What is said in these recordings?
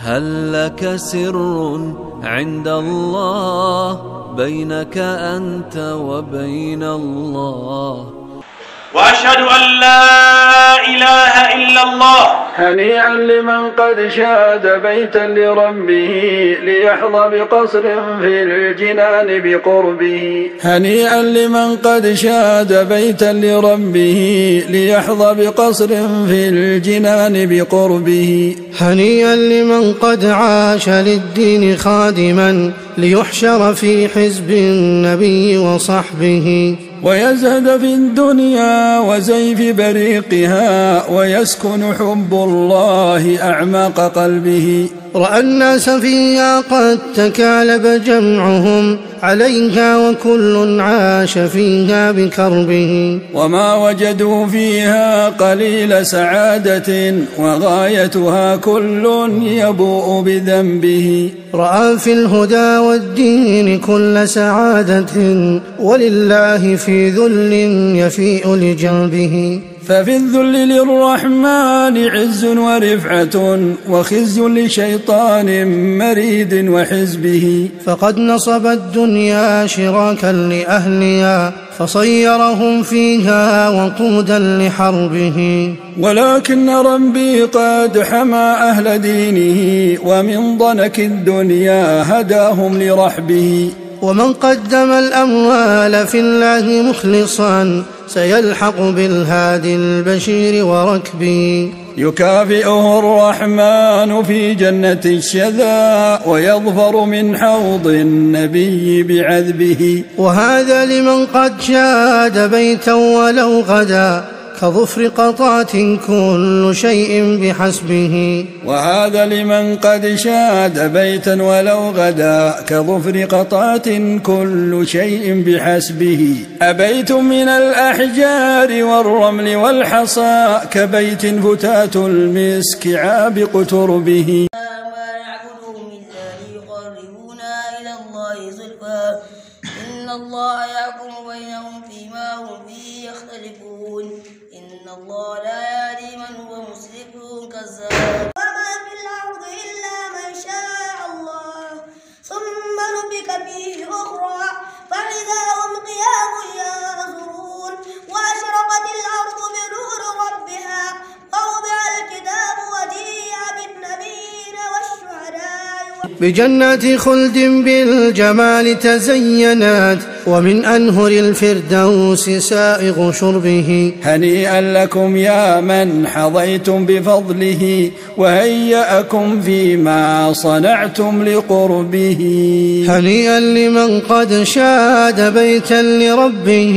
هل لك سر عند الله بينك أنت وبين الله وأشهد أن لا إله إلا الله هنيئا لمن قد شاد بيتا لربه ليحظى بقصر في الجنان بقربه هنيئا لمن قد شاد بيتا لربه ليحظى بقصر في الجنان بقربه هنيئا لمن قد عاش للدين خادما ليحشر في حزب النبي وصحبه ويزهد في الدنيا وزيف بريقها ويسكن حب الله أعماق قلبه رأى الناس فيها قد تكالب جمعهم عليها وكل عاش فيها بكربه وما وجدوا فيها قليل سعادة وغايتها كل يبوء بذنبه رأى في الهدى والدين كل سعادة ولله في ذل يفيء لجلبه ففي الذل للرحمن عز ورفعة وخزي لشيطان مريد وحزبه فقد نصب الدنيا شراكا لأهلها فصيرهم فيها وقودا لحربه ولكن ربي قد حمى أهل دينه ومن ضنك الدنيا هداهم لرحبه ومن قدم الأموال في الله مخلصا سيلحق بالهادي البشير وركبي يكافئه الرحمن في جنة الشذا ويظفر من حوض النبي بعذبه وهذا لمن قد شاد بيتا ولو غدا كظفر قطعة كل شيء بحسبه وهذا لمن قد شاد بيتا ولو غدا كظفر قطعة كل شيء بحسبه أبيت من الأحجار والرمل والحصى كبيت فتاة المسك عابق تربه إن الله يحكم بينهم ما هم فيه يختلفون إن الله لا يهدي من هو مسرف كذاب بجنات خلد بالجمال تزينات ومن أنهر الفردوس سائغ شربه هنيئا لكم يا من حظيتم بفضله وهيأكم فيما صنعتم لقربه هنيئا لمن قد شاد بيتا لربه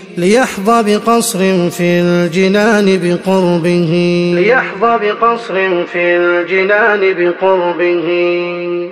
ليحظى بقصر في الجنان بقربه ليحظى بقصر في الجنان بقربه